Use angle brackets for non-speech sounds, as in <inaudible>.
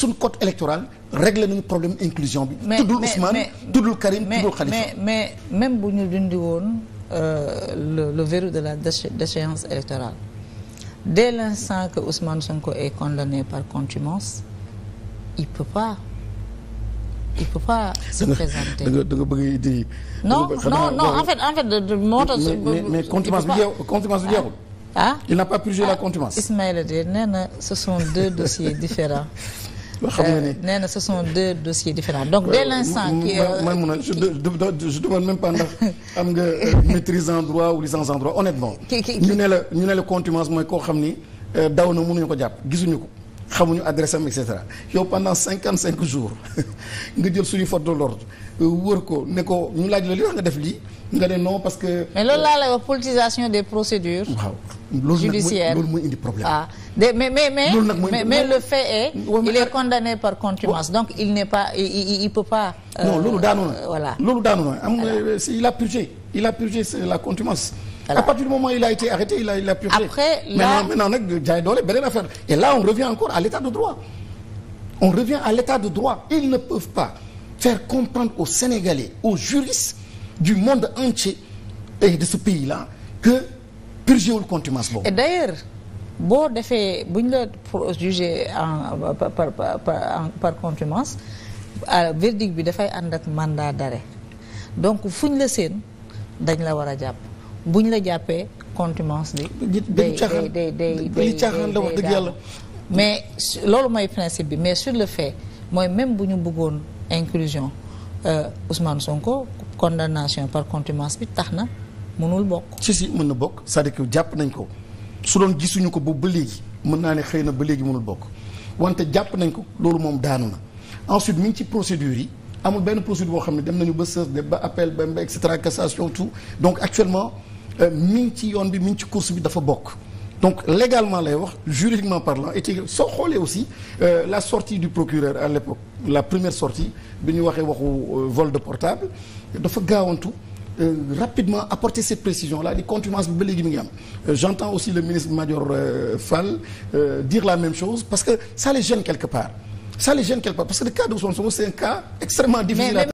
suñ code électoral réglé nañu problème inclusion bi. tuddul Ousmane tuddul Karim tuddul Khalifa. mais mais même bu ñu dindi woon euh, le le de la déchéance électorale dès l'instant que Ousmane Sonko est condamné par contumace il peut pas. il peut pas se présenter da nga da nga bëgg di. non non non en fait en fait moo tax. mais mais contumace bi jeexul de ah, ah. nee na ce sont deux dossiers différents <laughs> xam na ni euh, nee na ce sont deux dossiers différents donc dès euh, l'instant man mun a je demande même pas ndax am nga euh, maîtrise en droit ou licence en droit honnêtement ñu ne la ñu ne la contumace mooy koo xam ni daw na munuñu ko jàpp gisuñu ko xamuñu adresse am et cetera yow pendant cinquante cinq jours <laughs> nga jël suñu force de l'ordre wër ko ne ko ñu laaj la li tax nga def lii nga ne non parce que. mais loolu laa lay politisation des procédures. waaw judiciaires loolu mooy indi problème. Ah. mais mais mais mais mais le fait est. il est condamné par contumace donc il n'est pas il peut pas. Euh, non loolu daanu loolu daanu am nga il a purgé. il a purgé la contumace. Voilà. à partir du moment il a été arrêté il a il a purgé. après là maintenant maintenant nag jaay doole beneen affaire et là on revient encore à l'état de droit. on revient à l'état de droit ils ne peuvent pas faire comprendre aux Sénégalais aux juristes du monde entier et de ce pays là que purgé wul contumace boobu. d'ailleurs boo defee bu ñu la pour juger en par par par, par contumace euh, verdict bi dafay ànd ak mandat d'arrêt donc fu ñu la seen. dañ la war a jàpp bu ñu la jàppee contumace bi. day day day day caaxaan la wax dëgg yàlla. mais loolu mooy principe bi mais sur le fait mooy même bu ñu bëggoon inclusion euh, Ousmane Sonko condamnation par contumace bi tax na mënul bokk. si si mën na bokk c'est-à-dire jàpp nañ ko su doon gisuñu ko boobu ba léegi mën naa ne xëy na ba léegi mënul bokk wante jàpp nañ ko loolu moom daanu na ensuite mi ci procédure yi. amul benn procédure boo xam ne dem nañu ba sës de ba appel ba et cetera cassation tout donc actuellement euh, mi ngi ci yoon bi mi ngi ci course bi dafa bokk donc légalement lay wax juridiquement parlant et soo xoolee aussi euh, la sortie du procureur à l'époque la première sortie bi ñu waxee waxu euh, vol de portable dafa gaawantu Euh, rapidement apporter cette précision là di contumace bi ba léegi mi ngi am euh, j'entends aussi le ministre Madior euh, Fall euh, dire la même chose parce que ça les gêne quelque ça les gêne quelque part parce que le cas de Ousmane Sonko c'est un cas extrêmement difficile